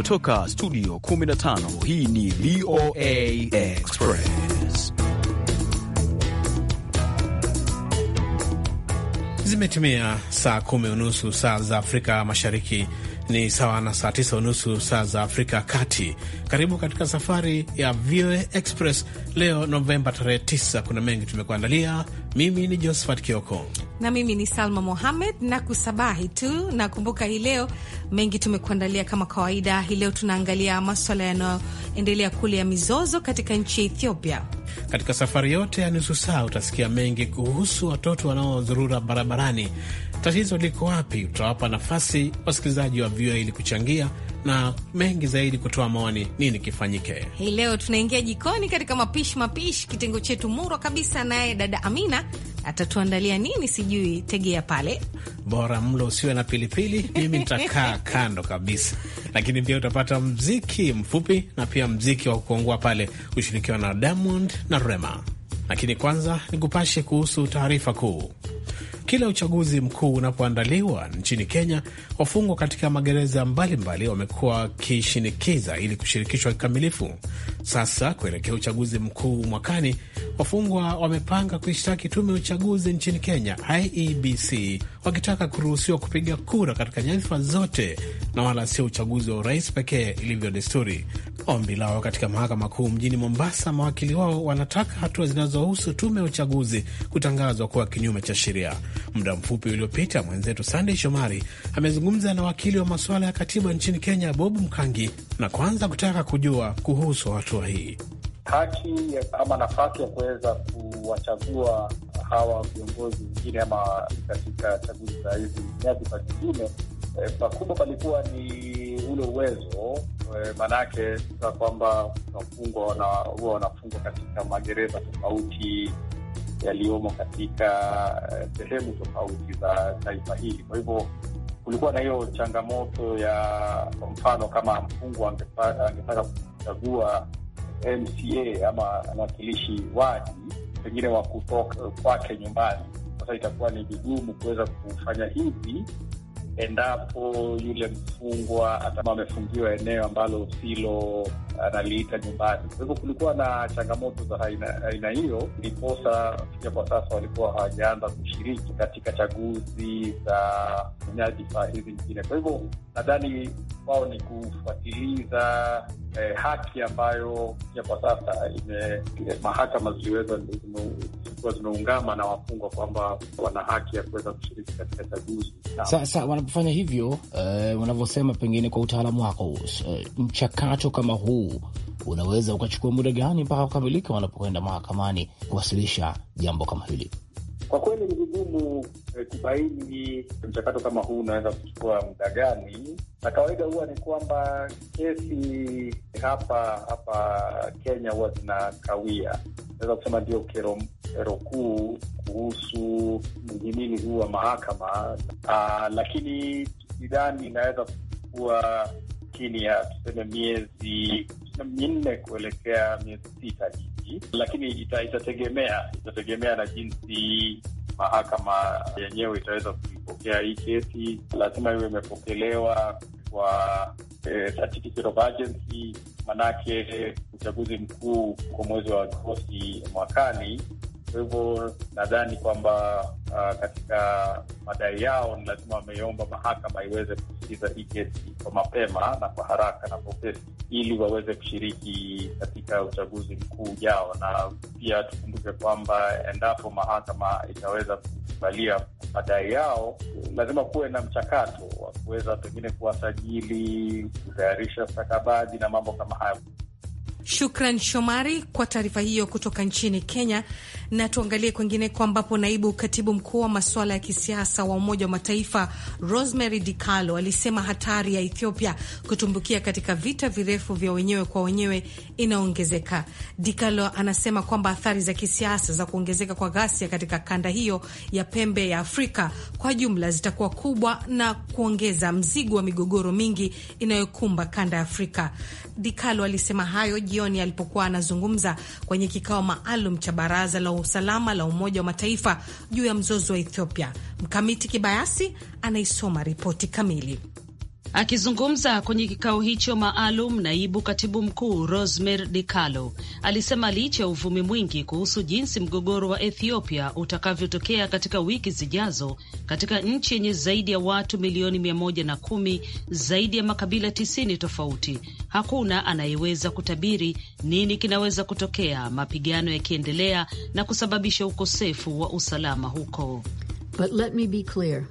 Kutoka studio 15 hii ni VOA Express. Zimetumia saa kumi unusu saa za Afrika Mashariki ni sawa na saa tisa unusu saa za Afrika ya Kati. Karibu katika safari ya VOA Express leo Novemba tarehe 9. Kuna mengi tumekuandalia. Mimi ni Josephat Kioko na mimi ni Salma Mohamed na kusabahi tu. Nakumbuka hii leo mengi tumekuandalia kama kawaida. Hii leo tunaangalia maswala yanayoendelea kule ya mizozo katika nchi ya Ethiopia katika safari yote ya nusu saa utasikia mengi kuhusu watoto wanaozurura barabarani. Tatizo liko wapi? Utawapa nafasi wasikilizaji wa VOA ili kuchangia na mengi zaidi, kutoa maoni, nini kifanyike. Hii leo tunaingia jikoni katika mapishi mapishi, kitengo chetu murwa kabisa, naye dada Amina atatuandalia nini sijui, tegea pale. Bora mlo usiwe na pilipili, mimi nitakaa kando kabisa, lakini pia utapata mziki mfupi na pia mziki wa kuongua pale, ushirikiwa na Diamond na Rema. Lakini kwanza nikupashe kuhusu taarifa kuu. Kila uchaguzi mkuu unapoandaliwa nchini Kenya, wafungwa katika magereza mbalimbali wamekuwa wakishinikiza ili kushirikishwa kikamilifu. Sasa kuelekea uchaguzi mkuu mwakani, wafungwa wamepanga kuishtaki tume ya uchaguzi nchini Kenya, IEBC, wakitaka kuruhusiwa kupiga kura katika nyadhifa zote na wala sio uchaguzi wa urais pekee ilivyo desturi. Ombi lao katika mahakama kuu mjini Mombasa, mawakili wao wanataka hatua zinazohusu tume ya uchaguzi kutangazwa kuwa kinyume cha sheria. Muda mfupi uliopita, mwenzetu Sandey Shomari amezungumza na wakili wa masuala ya katiba nchini Kenya, Bob Mkangi, na kwanza kutaka kujua kuhusu hatua hii haki ama nafasi ya kuweza kuwachagua hawa viongozi wengine ama katika chaguzi za hizi nyadhifa zingine, eh, pakubwa palikuwa ni ule uwezo e, eh, maanake sasa kwamba wafungwa huwa wanafungwa katika magereza tofauti yaliyomo katika eh, sehemu tofauti za taifa hili. Kwa hivyo kulikuwa na hiyo changamoto ya kwa mfano, kama mfungwa angetaka kuchagua MCA ama mwakilishi wadi pengine wa kutoka kwake nyumbani, sasa itakuwa ni vigumu kuweza kufanya hivi endapo yule mfungwa ataa amefungiwa eneo ambalo silo uh, analiita nyumbani. Kwa hivyo kulikuwa na changamoto za aina hiyo, liposa kufikia kwa sasa walikuwa hawajaanza kushiriki katika chaguzi za nyadhifa hizi nyingine. Kwa hivyo nadhani kwao ni kufuatiliza eh, haki ambayo ya kwa sasa ime eh, mahakama ziliweza zilikuwa zimeungama na wafungwa kwamba wana haki ya kuweza kushiriki katika chaguzi. Sasa wanapofanya hivyo uh, wanavyosema, pengine kwa utaalamu wako uh, mchakato kama huu unaweza ukachukua muda gani mpaka kukamilika wanapokwenda mahakamani kuwasilisha jambo kama hili? Kwa kweli ni vigumu eh, kubaini mchakato kama huu unaweza kuchukua muda gani. Na kawaida huwa ni kwamba kesi hapa hapa Kenya huwa zinakawia, naweza kusema ndio kero, kero kuu kuhusu mhimili huu wa mahakama. Aa, ah, lakini idani inaweza kuchukua chini ya tuseme miezi minne kuelekea miezi sita hivi nyingi, lakini ita, itategemea itategemea na jinsi mahakama yenyewe itaweza kuipokea hii kesi. Lazima iwe imepokelewa kwa eh, certificate of urgency, manake uchaguzi mkuu kwa mwezi wa Agosti mwakani kwa hivyo nadhani kwamba uh, katika madai yao ni lazima wameomba mahakama iweze kusikiza hii kesi kwa mapema na kwa haraka na popesi, ili waweze kushiriki katika uchaguzi mkuu ujao. Na pia tukumbuke kwamba endapo mahakama itaweza kukubalia madai yao, lazima kuwe na mchakato wa kuweza pengine kuwasajili, kutayarisha stakabadhi na mambo kama hayo. Shukran Shomari kwa taarifa hiyo kutoka nchini Kenya. Na tuangalie kwengineko, ambapo naibu katibu mkuu wa masuala ya kisiasa wa Umoja wa Mataifa Rosemary DiCarlo alisema hatari ya Ethiopia kutumbukia katika vita virefu vya wenyewe kwa wenyewe inaongezeka. DiCarlo anasema kwamba athari za kisiasa za kuongezeka kwa ghasia katika kanda hiyo ya pembe ya Afrika kwa jumla zitakuwa kubwa na kuongeza mzigo wa migogoro mingi inayokumba kanda ya Afrika. Dikalo alisema hayo jioni alipokuwa anazungumza kwenye kikao maalum cha Baraza la Usalama la Umoja wa Mataifa juu ya mzozo wa Ethiopia. Mkamiti Kibayasi anaisoma ripoti kamili. Akizungumza kwenye kikao hicho maalum, naibu katibu mkuu Rosemary DiCarlo alisema licha ya uvumi mwingi kuhusu jinsi mgogoro wa Ethiopia utakavyotokea katika wiki zijazo katika nchi yenye zaidi ya watu milioni mia moja na kumi, zaidi ya makabila tisini tofauti, hakuna anayeweza kutabiri nini kinaweza kutokea, mapigano yakiendelea na kusababisha ukosefu wa usalama huko. But let me be clear.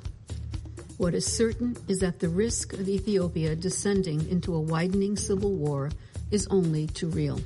What is certain is that the risk of Ethiopia descending into a widening civil war is only too real.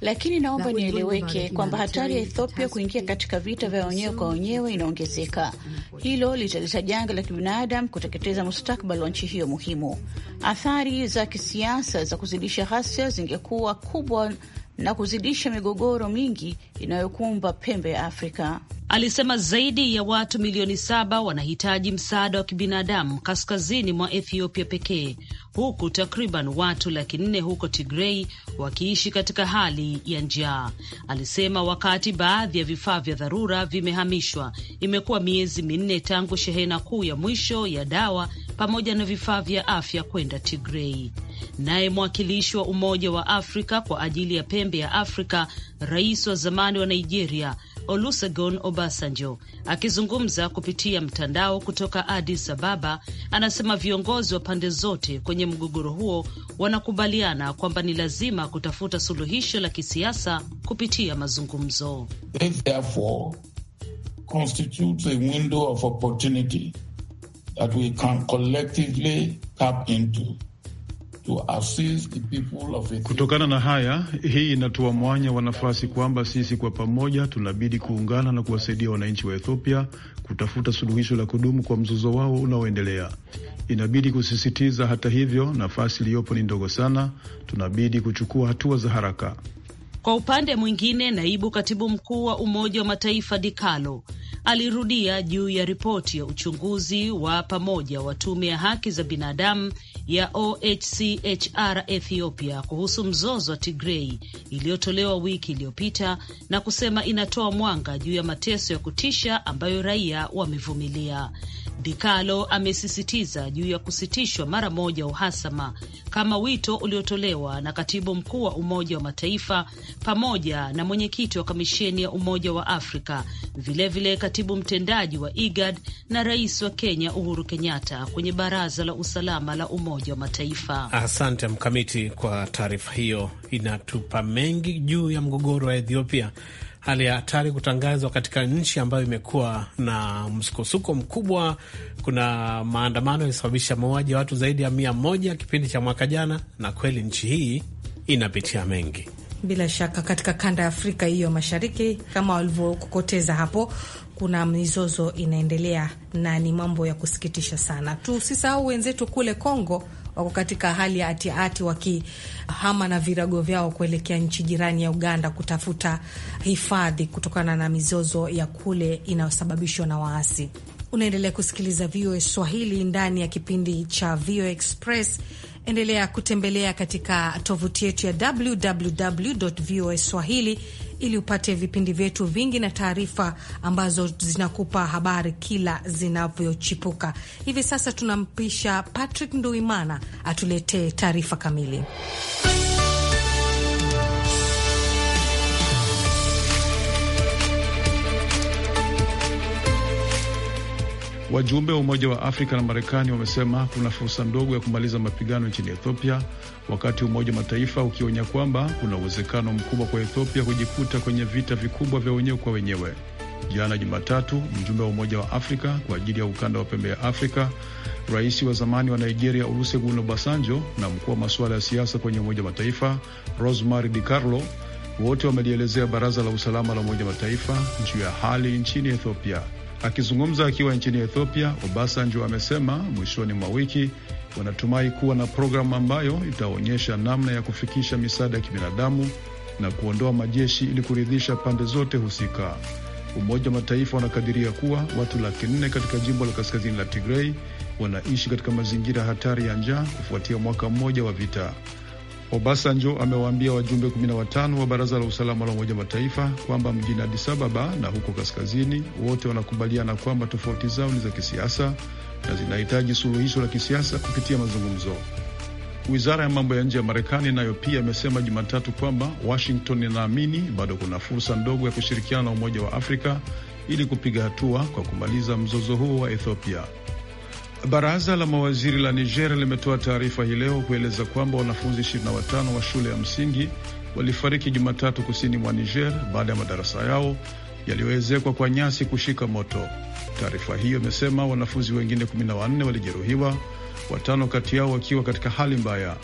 Lakini naomba nieleweke kwamba hatari ya Ethiopia kuingia katika vita vya wenyewe kwa wenyewe inaongezeka. Hilo litaleta janga la kibinadamu, kuteketeza mustakabali wa nchi hiyo muhimu. Athari za kisiasa za kuzidisha ghasia zingekuwa kubwa na kuzidisha migogoro mingi inayokumba pembe ya Afrika alisema zaidi ya watu milioni saba wanahitaji msaada wa kibinadamu kaskazini mwa Ethiopia pekee, huku takriban watu laki nne huko Tigrei wakiishi katika hali ya njaa. Alisema wakati baadhi ya vifaa vya dharura vimehamishwa, imekuwa miezi minne tangu shehena kuu ya mwisho ya dawa pamoja na vifaa vya afya kwenda Tigrei. Naye mwakilishi wa Umoja wa Afrika kwa ajili ya pembe ya Afrika, rais wa zamani wa Nigeria Olusegun Obasanjo akizungumza kupitia mtandao kutoka Addis Ababa anasema viongozi wa pande zote kwenye mgogoro huo wanakubaliana kwamba ni lazima kutafuta suluhisho la kisiasa kupitia mazungumzo. That we can collectively tap into. Kutokana na haya, hii inatoa mwanya wa nafasi kwamba sisi kwa pamoja tunabidi kuungana na kuwasaidia wananchi wa Ethiopia kutafuta suluhisho la kudumu kwa mzozo wao unaoendelea. Inabidi kusisitiza, hata hivyo, nafasi iliyopo ni ndogo sana. Tunabidi kuchukua hatua za haraka. Kwa upande mwingine, naibu katibu mkuu wa Umoja wa Mataifa Dikalo alirudia juu ya ripoti ya uchunguzi wa pamoja wa tume ya haki za binadamu ya OHCHR Ethiopia kuhusu mzozo wa Tigrei iliyotolewa wiki iliyopita na kusema inatoa mwanga juu ya mateso ya kutisha ambayo raia wamevumilia. Dikalo amesisitiza juu ya kusitishwa mara moja uhasama kama wito uliotolewa na katibu mkuu wa Umoja wa Mataifa pamoja na mwenyekiti wa kamisheni ya Umoja wa Afrika, vilevile vile katibu mtendaji wa IGAD na rais wa Kenya Uhuru Kenyatta kwenye Baraza la Usalama la Umoja wa Mataifa. Asante Mkamiti kwa taarifa hiyo, inatupa mengi juu ya mgogoro wa Ethiopia hali ya hatari kutangazwa katika nchi ambayo imekuwa na msukosuko mkubwa. Kuna maandamano yalisababisha mauaji ya watu zaidi ya mia moja kipindi cha mwaka jana, na kweli nchi hii inapitia mengi bila shaka katika kanda ya Afrika hiyo mashariki, kama walivyokokoteza hapo, kuna mizozo inaendelea na ni mambo ya kusikitisha sana. Tusisahau wenzetu kule Kongo wako katika hali ya atiati, wakihama na virago vyao kuelekea nchi jirani ya Uganda kutafuta hifadhi kutokana na mizozo ya kule inayosababishwa na waasi. Unaendelea kusikiliza VOA Swahili ndani ya kipindi cha VOA Express. Endelea kutembelea katika tovuti yetu ya www voa swahili ili upate vipindi vyetu vingi na taarifa ambazo zinakupa habari kila zinavyochipuka. Hivi sasa tunampisha Patrick Nduimana atuletee taarifa kamili. Wajumbe wa Umoja wa Afrika na Marekani wamesema kuna fursa ndogo ya kumaliza mapigano nchini Ethiopia, wakati Umoja wa Mataifa ukionya kwamba kuna uwezekano mkubwa kwa Ethiopia kujikuta kwenye vita vikubwa vya wenyewe kwa wenyewe. Jana Jumatatu, mjumbe wa Umoja wa Afrika kwa ajili ya ukanda wa pembe ya Afrika, rais wa zamani wa Nigeria Olusegun Obasanjo na mkuu wa masuala ya siasa kwenye Umoja wa Mataifa Rosemary carlo wote wamelielezea Baraza la Usalama la Umoja wa Mataifa juu ya hali nchini Ethiopia. Akizungumza akiwa nchini Ethiopia, Obasanjo amesema mwishoni mwa wiki wanatumai kuwa na programu ambayo itaonyesha namna ya kufikisha misaada ya kibinadamu na kuondoa majeshi ili kuridhisha pande zote husika. Umoja wa Mataifa wanakadiria kuwa watu laki nne katika jimbo la kaskazini la Tigrei wanaishi katika mazingira hatari ya njaa kufuatia mwaka mmoja wa vita. Obasanjo amewaambia wajumbe 15 wa Baraza la Usalama la Umoja Mataifa kwamba mjini Addis Ababa na huko kaskazini wote wanakubaliana kwamba tofauti zao ni za kisiasa na zinahitaji suluhisho la kisiasa kupitia mazungumzo. Wizara ya mambo ya nje ya Marekani nayo pia imesema Jumatatu kwamba Washington inaamini bado kuna fursa ndogo ya kushirikiana na Umoja wa Afrika ili kupiga hatua kwa kumaliza mzozo huo wa Ethiopia. Baraza la mawaziri la Niger limetoa taarifa hii leo kueleza kwamba wanafunzi 25 wa shule ya msingi walifariki Jumatatu kusini mwa Niger baada ya madarasa yao yaliyoezekwa kwa nyasi kushika moto. Taarifa hiyo imesema wanafunzi wengine 14 walijeruhiwa, watano kati yao wakiwa katika hali mbaya.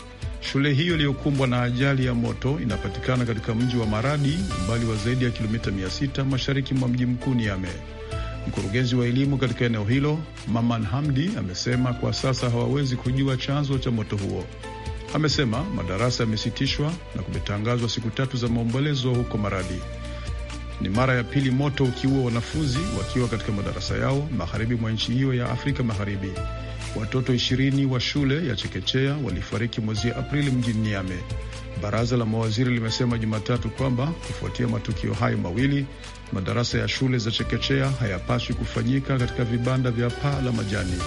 Shule hiyo iliyokumbwa na ajali ya moto inapatikana katika mji wa Maradi, umbali wa zaidi ya kilomita 600 mashariki mwa mji mkuu Niamey. Mkurugenzi wa elimu katika eneo hilo Maman Hamdi amesema kwa sasa hawawezi kujua chanzo cha moto huo. Amesema madarasa yamesitishwa na kumetangazwa siku tatu za maombolezo huko Maradi. Ni mara ya pili moto ukiua wanafunzi wakiwa katika madarasa yao magharibi mwa nchi hiyo ya Afrika Magharibi. Watoto 20 wa shule ya chekechea walifariki mwezi Aprili mjini Niame. Baraza la mawaziri limesema Jumatatu kwamba kufuatia matukio hayo mawili, madarasa ya shule za chekechea hayapaswi kufanyika katika vibanda vya paa la majani.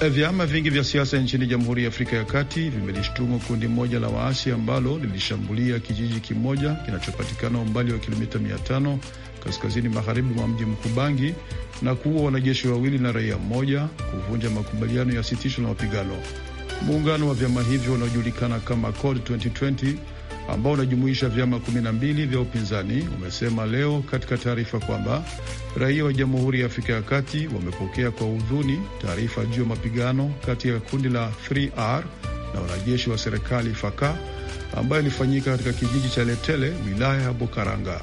Eh, vyama vingi vya siasa nchini Jamhuri ya Afrika ya Kati vimelishtumu kundi moja la waasi ambalo lilishambulia kijiji kimoja kinachopatikana umbali wa kilomita 500 kaskazini magharibi mwa mji mkuu Bangi na kuua wanajeshi wawili na raia mmoja, kuvunja makubaliano ya sitisho la mapigano. Muungano wa vyama hivyo unaojulikana kama COD ambao unajumuisha vyama 12 vya upinzani umesema leo katika taarifa kwamba raia wa Jamhuri ya Afrika ya Kati wamepokea kwa huzuni taarifa juu ya mapigano kati ya kundi la 3R na wanajeshi wa serikali Faka ambayo ilifanyika katika kijiji cha Letele wilaya ya Bukaranga.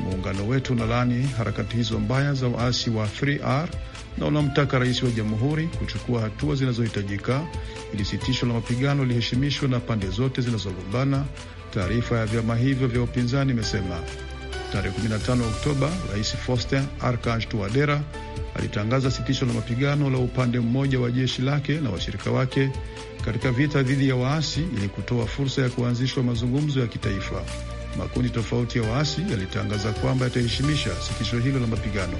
Muungano wetu unalaani harakati hizo mbaya za waasi wa 3R na unamtaka rais wa jamhuri kuchukua hatua zinazohitajika ili sitisho la mapigano liheshimishwe na pande zote zinazogombana Taarifa ya vyama hivyo vya upinzani imesema tarehe 15 Oktoba, Rais Faustin Archange Touadera alitangaza sitisho la mapigano la upande mmoja wa jeshi lake na washirika wake katika vita dhidi ya waasi ili kutoa fursa ya kuanzishwa mazungumzo ya kitaifa. Makundi tofauti ya waasi yalitangaza kwamba yataheshimisha sitisho hilo la mapigano.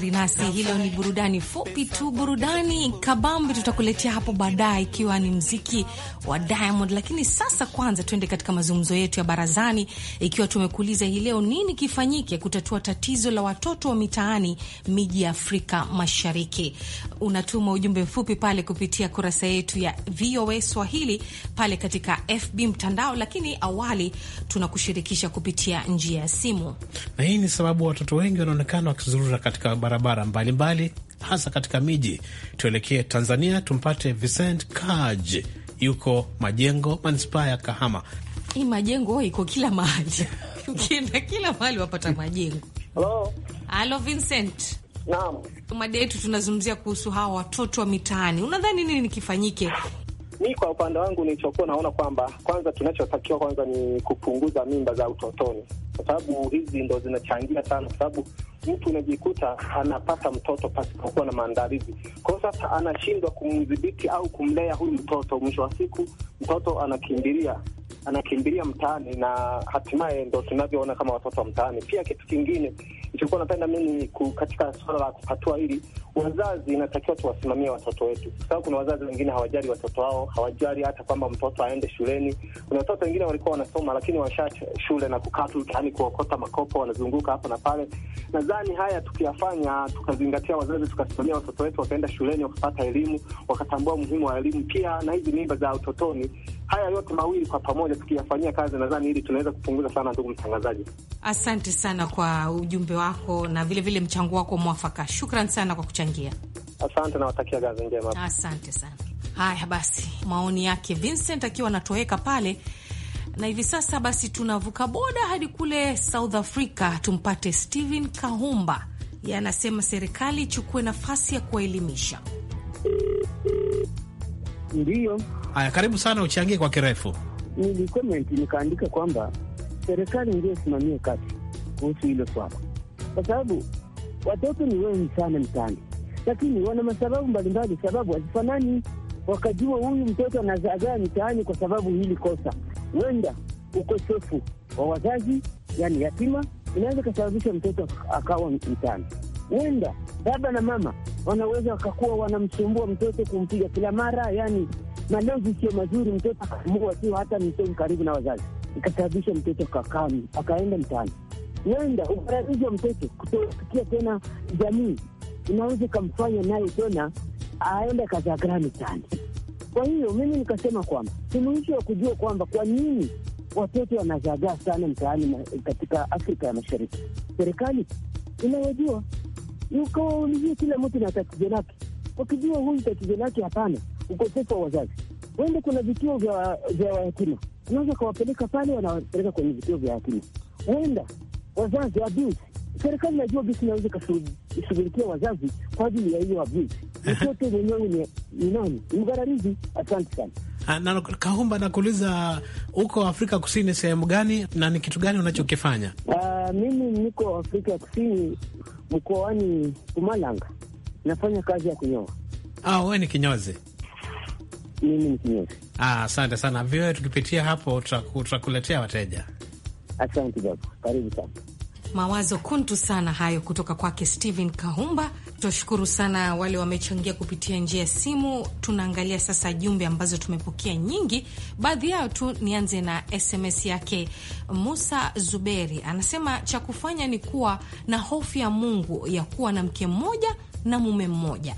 TV mbali nasi. Hilo ni burudani fupi tu, burudani kabambi tutakuletea hapo baadaye, ikiwa ni mziki wa Diamond. Lakini sasa kwanza tuende katika mazungumzo yetu ya barazani, ikiwa tumekuuliza hii leo, nini kifanyike kutatua tatizo la watoto wa mitaani miji ya Afrika Mashariki? Unatuma ujumbe mfupi pale kupitia kurasa yetu ya VOA Swahili pale katika FB mtandao, lakini awali tunakushirikisha kupitia njia ya simu, na hii ni sababu watoto wengi wanaonekana wakizurura katika barabara barabara mbalimbali mbali, hasa katika miji. Tuelekee Tanzania tumpate Vincent Kaj, yuko Majengo, manispaa ya Kahama. Hii majengo iko kila mahali ukienda kila mahali wapata majengo. Halo, halo Vincent. Naam, mada yetu tunazungumzia kuhusu hawa watoto wa mitaani. Unadhani nini kifanyike mi kwa upande wangu nilichokuwa naona kwamba kwanza tunachotakiwa kwanza ni kupunguza mimba za utotoni, kwa sababu hizi ndo zinachangia sana, kwa sababu mtu unajikuta anapata mtoto pasipokuwa na maandalizi. Kwa sasa anashindwa kumdhibiti au kumlea huyu mtoto, mwisho wa siku mtoto anakimbilia anakimbilia mtaani, na hatimaye ndo tunavyoona kama watoto wa mtaani. Pia kitu kingine Nilikuwa napenda mimi katika suala la kupatua hili, wazazi inatakiwa tuwasimamie watoto wetu, kwa sababu kuna wazazi wengine hawajali watoto wao, hawajali hata kwamba mtoto aende shuleni. Kuna watoto wengine walikuwa wanasoma, lakini washaacha shule na kukaa tu mtaani kuokota makopo, wanazunguka hapa na pale. Nadhani haya tukiyafanya, tukazingatia wazazi, tukasimamia watoto wetu, wakaenda shuleni, wakapata elimu, wakatambua umuhimu wa elimu pia na hizi mimba za utotoni haya yote mawili kwa pamoja tukiyafanyia kazi, nadhani hili tunaweza kupunguza sana. Ndugu mtangazaji, asante sana kwa ujumbe wako na vilevile mchango wako mwafaka. Shukran sana kwa kuchangia, asante. Nawatakia kazi njema, asante sana. Haya basi, maoni yake Vincent akiwa anatoweka pale na hivi sasa basi tunavuka boda hadi kule South Africa tumpate Steven Kahumba. Yeye anasema serikali ichukue nafasi ya kuwaelimisha. Ndiyo, Haya, karibu sana, uchangie kwa kirefu. Nilikomenti nikaandika kwamba serikali ndio isimamie kati kuhusu hilo swala, kwa sababu watoto ni wengi sana mtaani, lakini wana masababu mbalimbali, sababu hazifanani. Wakajua huyu mtoto anazaagaa mitaani kwa sababu hili kosa, huenda ukosefu wa wazazi, yani yatima, inaweza ikasababisha mtoto akawa mtaani. Huenda baba na mama wanaweza wakakuwa wanamsumbua mtoto kumpiga kila mara, yani malezi sio mazuri, mtoto akaamua tu hata mtoto karibu na wazazi, ikasababisha mtoto kakam akaenda mtaani, nenda ubaraizi wa mtoto kutofikia tena jamii, inaweza ikamfanya naye tena aende kazagrani mtaani. Kwa hiyo mimi nikasema kwamba suluhisho ya kujua kwamba kwa nini watoto wanazagaa sana mtaani katika Afrika ya Mashariki, serikali inayojua ukawaulizia kila mtu na tatizo lake, wakijua huyu tatizo lake, hapana ukosefu wa wazazi. Wende kuna vituo vya vya wayatima, unaweza ukawapeleka pale, wanawapeleka kwenye vituo vya yatima. Wenda wazazi abusi, Serikali najua bisi naweza ikashughulikia wazazi kwa ajili ya hiyo abusi. Mtoto mwenyewe ni nani? Ni mgararizi. Asante sana. Ah, na Kahumba, nakuuliza huko Afrika Kusini sehemu gani na ni kitu gani unachokifanya? Uh, mimi niko Afrika Kusini mkoani Mpumalanga, nafanya kazi ya kunyoa. Ah, wewe ni kinyozi? mimi ni kinyozi. Ah, asante sana vyoe, tukipitia hapo tutakuletea wateja. Asante karibu sana. Mawazo kuntu sana hayo kutoka kwake Steven Kahumba. Tunashukuru sana wale wamechangia kupitia njia ya simu. Tunaangalia sasa jumbe ambazo tumepokea nyingi, baadhi yao tu. Nianze na SMS yake Musa Zuberi, anasema cha kufanya ni kuwa na hofu ya Mungu ya kuwa na mke mmoja na mume mmoja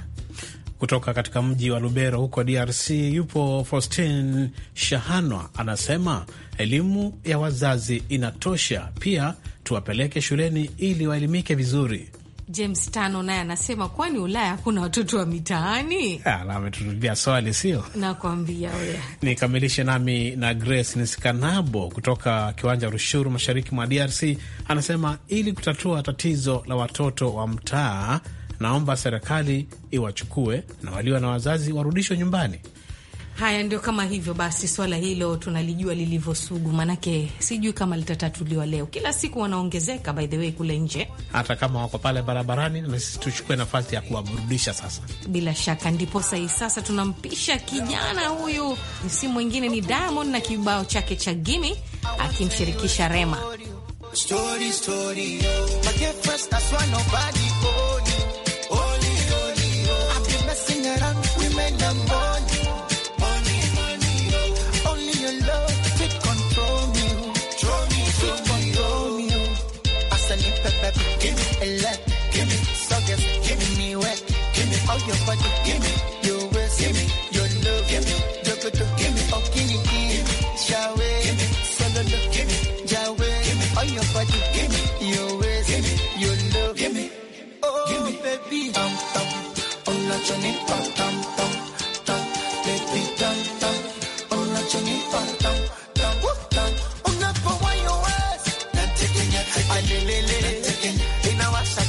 kutoka katika mji wa Lubero huko DRC yupo Faustin Shahanwa, anasema elimu ya wazazi inatosha, pia tuwapeleke shuleni ili waelimike vizuri. James Tano naye anasema kwani Ulaya hakuna watoto wa mitaani? Ah, Ameturudia swali, sio nakwambia. nikamilishe nami na Grace Nisikanabo kutoka kiwanja Rushuru, mashariki mwa DRC, anasema ili kutatua tatizo la watoto wa mtaa naomba serikali iwachukue na walio na wazazi warudishwe nyumbani. Haya, ndio kama hivyo basi. Swala hilo tunalijua lilivyosugu, maanake sijui kama litatatuliwa leo. Kila siku wanaongezeka, by the way, kule nje, hata kama wako pale barabarani, na sisi tuchukue nafasi ya kuwaburudisha sasa. Bila shaka, ndipo sahi sasa tunampisha kijana huyu, si mwingine ni Diamond na kibao chake cha Gimi akimshirikisha Rema story, story.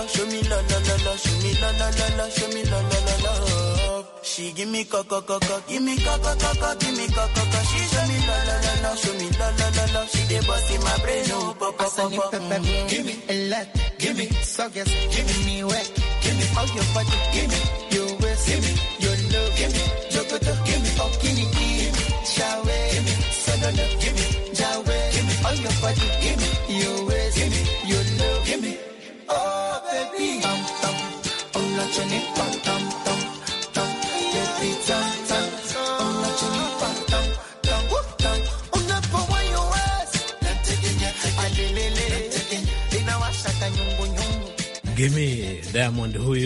la, show me la la la la, show me la la la la, show me la la la la. She give me coco coco, give me coco coco, give me coco coco. She show me la la la la, show me la la la la. She dey bust in my brain, oh pop pop pop. Give me a lot, give me so yes, give me wet, give me all your body, give me your waist, give me.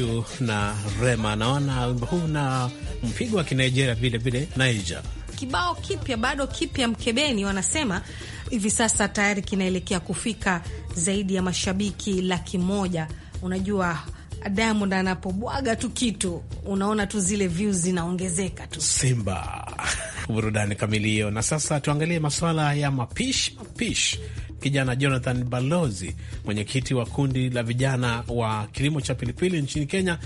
huyu na Rema, naona wimbo huu na mpigo wa Kinigeria vilevile, Niger kibao kipya bado kipya, mkebeni wanasema hivi sasa tayari kinaelekea kufika zaidi ya mashabiki laki moja. Unajua Diamond anapobwaga tu kitu unaona tu zile views zinaongezeka tu. Simba burudani kamili hiyo. Na sasa tuangalie masuala ya mapishi mapishi kijana Jonathan Balozi, mwenyekiti wa kundi la vijana wa kilimo cha pilipili nchini Kenya,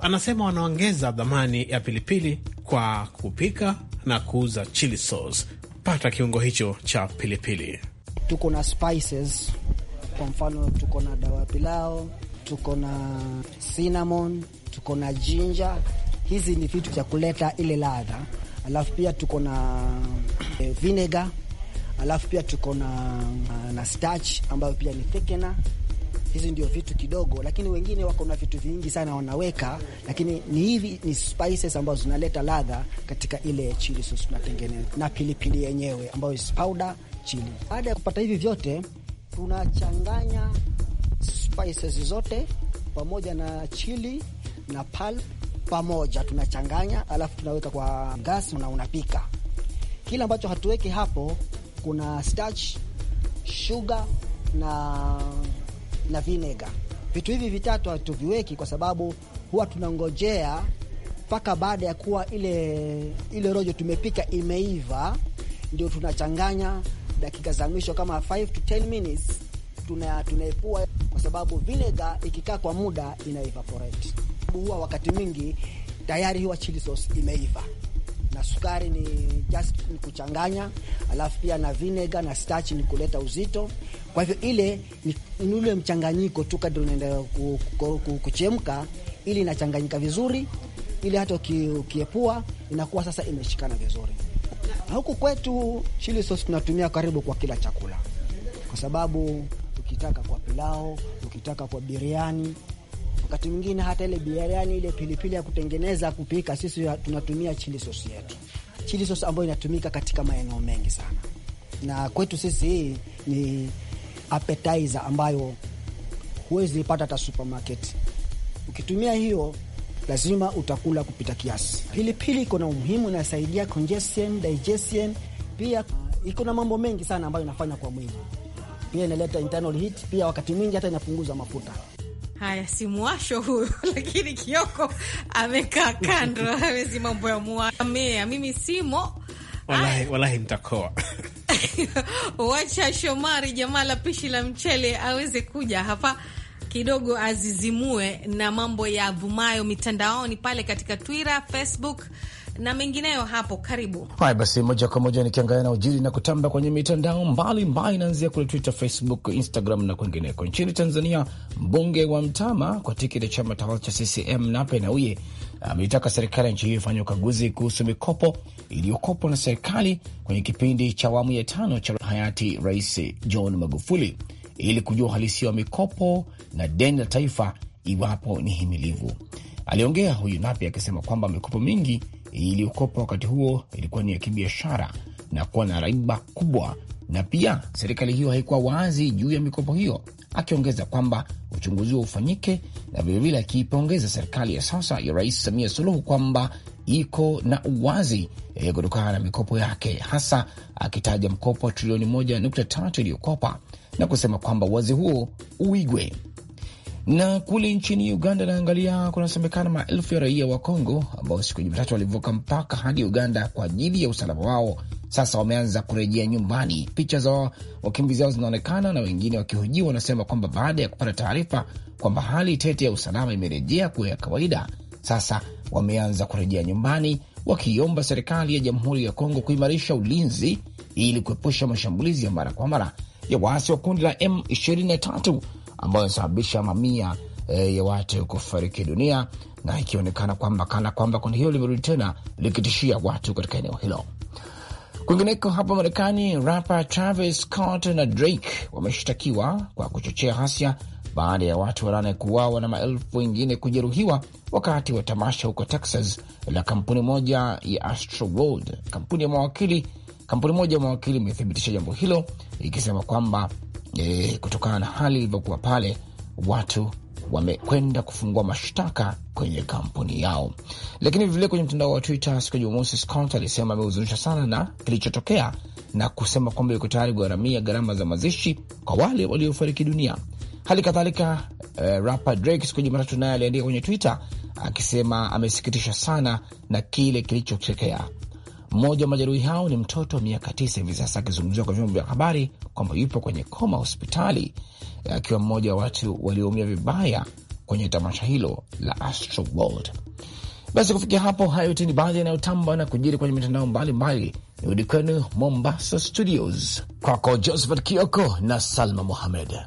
anasema wanaongeza dhamani ya pilipili kwa kupika na kuuza chili sauce. Pata kiungo hicho cha pilipili. Tuko na spices, kwa mfano tuko na dawa pilao, tuko na cinnamon, tuko na ginger. Hizi ni vitu vya kuleta ile ladha, alafu pia tuko na eh, vinegar alafu pia tuko na, na starch ambayo pia ni thickener. Hizi ndio vitu kidogo, lakini wengine wako na vitu vingi sana wanaweka, lakini ni hivi ni spices ambazo zinaleta ladha katika ile chili sauce tunatengeneza, na pilipili yenyewe ambayo is powder chili. Baada ya kupata hivi vyote, tunachanganya spices zote pamoja na chili na pulp pamoja, tunachanganya alafu tunaweka kwa gas na unapika. Kile ambacho hatuweki hapo kuna starch, sugar na na vinega. Vitu hivi vitatu hatuviweki kwa sababu huwa tunangojea mpaka baada ya kuwa ile ile rojo tumepika imeiva, ndio tunachanganya dakika za mwisho kama 5 to 10 minutes tuna tunaepua, kwa sababu vinegar ikikaa kwa muda ina evaporate. Huwa wakati mwingi tayari huwa chili sauce imeiva na sukari ni just ni kuchanganya, alafu pia na vinega na starch ni kuleta uzito. Kwa hivyo ile ni ule mchanganyiko tu, kadri unaenda kuchemka, ili inachanganyika vizuri, ili hata ukiepua inakuwa sasa imeshikana vizuri. Na huku kwetu chili sauce tunatumia karibu kwa kila chakula, kwa sababu ukitaka kwa pilau, ukitaka kwa biriani wakati mwingine hata ile biriani ile pilipili ya kutengeneza kupika, sisi tunatumia chili sosi yetu, chili sosi ambayo inatumika katika maeneo mengi sana, na kwetu sisi hii ni appetizer ambayo huwezi ipata hata supermarket. Ukitumia hiyo lazima utakula kupita kiasi. Pilipili iko na umuhimu, inasaidia congestion, digestion, pia iko na mambo mengi sana ambayo inafanya kwa mwili, pia inaleta internal heat, pia wakati mwingi hata inapunguza mafuta. Haya, si mwasho huyu lakini Kioko amekaa kando, awezi mambo ya mwamea, mimi simo walahi, mtakoa wacha Shomari jamaa la pishi la mchele aweze kuja hapa kidogo azizimue na mambo ya vumayo mitandaoni pale katika Twitter, Facebook na mengineyo hapo. Karibu haya basi, moja kwa moja nikiangalia na ujiri na kutamba kwenye mitandao mbalimbali, inaanzia kule Twitter, Facebook, Instagram na kwingineko. Nchini Tanzania, mbunge wa Mtama kwa tiketi ya chama tawala cha CCM Nape Nnauye ameitaka serikali ya nchi hiyo ifanya ukaguzi kuhusu mikopo iliyokopwa na serikali kwenye kipindi cha awamu ya tano cha hayati Rais John Magufuli ili kujua uhalisia wa mikopo na deni la taifa iwapo ni himilivu. Aliongea huyu Napi akisema kwamba mikopo mingi iliyokopa wakati huo ilikuwa ni ya kibiashara na kuwa na riba kubwa, na pia serikali hiyo haikuwa wazi juu ya mikopo hiyo, akiongeza kwamba uchunguzi huo ufanyike, na vilevile akiipongeza serikali ya sasa ya Rais Samia Suluhu kwamba iko na uwazi e, kutokana na mikopo yake, hasa akitaja mkopo wa trilioni moja nukta tatu iliyokopa na kusema kwamba uwazi huo uigwe. Na kule nchini Uganda naangalia, kunasemekana maelfu ya raia wa Kongo ambao siku ya Jumatatu walivuka mpaka hadi Uganda kwa ajili ya usalama wao, sasa wameanza kurejea nyumbani. Picha za wakimbizi hao zinaonekana, na wengine wakihojiwa wanasema kwamba baada ya kupata taarifa kwamba hali tete ya usalama imerejea kuwa ya kawaida, sasa wameanza kurejea nyumbani, wakiomba serikali ya Jamhuri ya Kongo kuimarisha ulinzi ili kuepusha mashambulizi ya mara kwa mara ya waasi wa kundi la M23 ambayo inasababisha mamia e, ya watu kufariki dunia na ikionekana kwamba kana kwamba kundi hilo limerudi tena likitishia watu katika eneo hilo. Kwingineko hapa Marekani, rapa Travis Scott na Drake wameshtakiwa kwa kuchochea ghasia baada ya watu wanane kuuawa na maelfu wengine kujeruhiwa wakati wa tamasha huko Texas la kampuni moja ya Astroworld. Kampuni ya mawakili kampuni moja ya mawakili imethibitisha jambo hilo ikisema kwamba e, kutokana na hali ilivyokuwa pale, watu wamekwenda kufungua mashtaka kwenye kampuni yao. Lakini vilevile kwenye mtandao wa Twitter siku ya Jumamosi, Scott alisema amehuzunishwa sana na kilichotokea na kusema kwamba yuko tayari kugharamia gharama za mazishi kwa wale waliofariki dunia. Hali kadhalika uh, e, rapa Drake siku ya Jumatatu naye aliandika kwenye Twitter akisema amesikitishwa sana na kile kilichotokea mmoja wa majeruhi hao ni mtoto wa miaka tisa hivi sasa, akizungumziwa kwa vyombo vya habari kwamba yupo kwenye koma hospitali, akiwa mmoja wa watu walioumia vibaya kwenye tamasha hilo la Astro World. Basi kufikia hapo, hayo yote ni baadhi yanayotamba na kujiri kwenye mitandao mbalimbali. Nirudi kwenu Mombasa Studios, kwako Josephat Kioko na Salma Mohamed.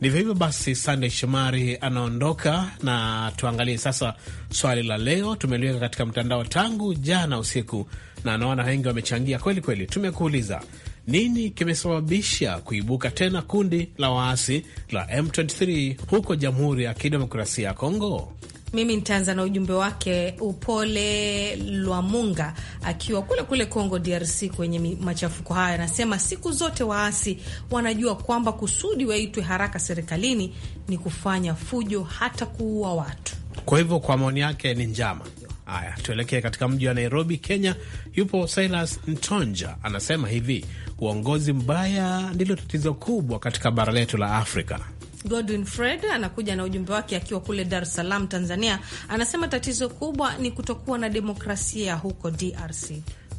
Ndivyo hivyo basi, Sandey Shomari anaondoka, na tuangalie sasa swali la leo. Tumeliweka katika mtandao tangu jana usiku, na naona wengi wamechangia kweli kweli. Tumekuuliza, nini kimesababisha kuibuka tena kundi la waasi la M23 huko Jamhuri ya Kidemokrasia ya Kongo? Mimi nitaanza na ujumbe wake Upole Lwamunga akiwa kule kule Congo DRC kwenye machafuko haya, anasema siku zote waasi wanajua kwamba kusudi waitwe haraka serikalini ni kufanya fujo, hata kuua watu. Kwa hivyo kwa maoni yake ni njama. Haya, tuelekee katika mji wa Nairobi, Kenya. Yupo Silas Ntonja, anasema hivi, uongozi mbaya ndilo tatizo kubwa katika bara letu la Afrika. Godwin Fred anakuja na ujumbe wake akiwa kule Dar es Salaam, Tanzania. Anasema tatizo kubwa ni kutokuwa na demokrasia huko DRC.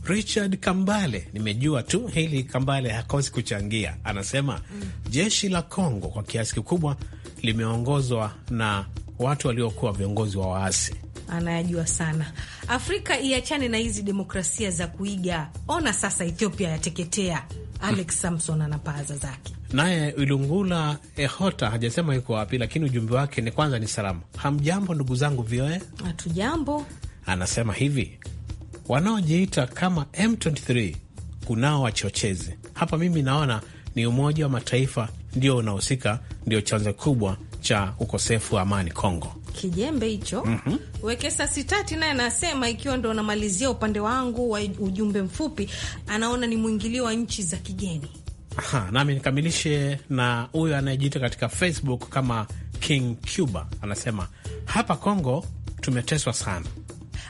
Richard Kambale, nimejua tu hili Kambale hakosi kuchangia, anasema mm, jeshi la Kongo kwa kiasi kikubwa limeongozwa na watu waliokuwa viongozi wa waasi. Anayajua sana Afrika, iachane na hizi demokrasia za kuiga. Ona sasa Ethiopia yateketea Alex Samson paaza zake naye Ilungula Ehota hajasema yuko wapi, lakini ujumbe wake ni kwanza ni salamu. Hamjambo ndugu zangu vioe, hatujambo. Anasema hivi, wanaojiita kama M23 kunao wachochezi hapa. Mimi naona ni Umoja wa Mataifa ndio unahusika, ndio chanzo kubwa cha ukosefu wa amani Kongo kijembe hicho mm -hmm. Wekesa Sitati naye anasema ikiwa ndo namalizia upande wangu wa ujumbe mfupi, anaona ni mwingilio wa nchi za kigeni. Aha, nami nikamilishe na huyo anayejiita katika Facebook kama King Cuba anasema hapa Kongo tumeteswa sana,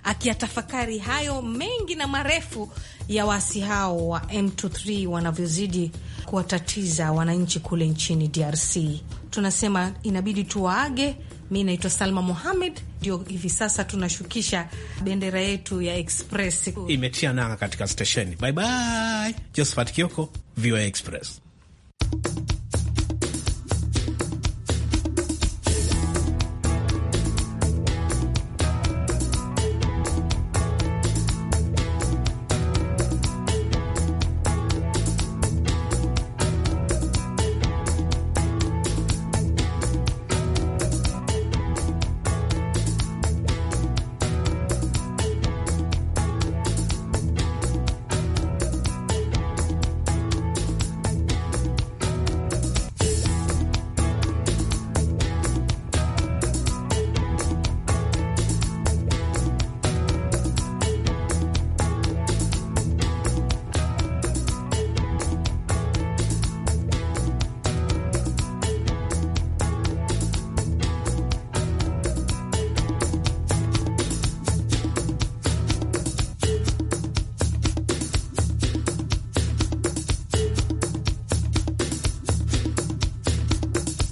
akiyatafakari hayo mengi na marefu ya waasi hao wa M23 wanavyozidi kuwatatiza wananchi kule nchini DRC tunasema inabidi tuwaage. Mi naitwa Salma Muhamed, ndio hivi sasa tunashukisha bendera yetu ya Express, imetia nanga katika stesheni. Bye bye. Josephat Kioko, VOA Express.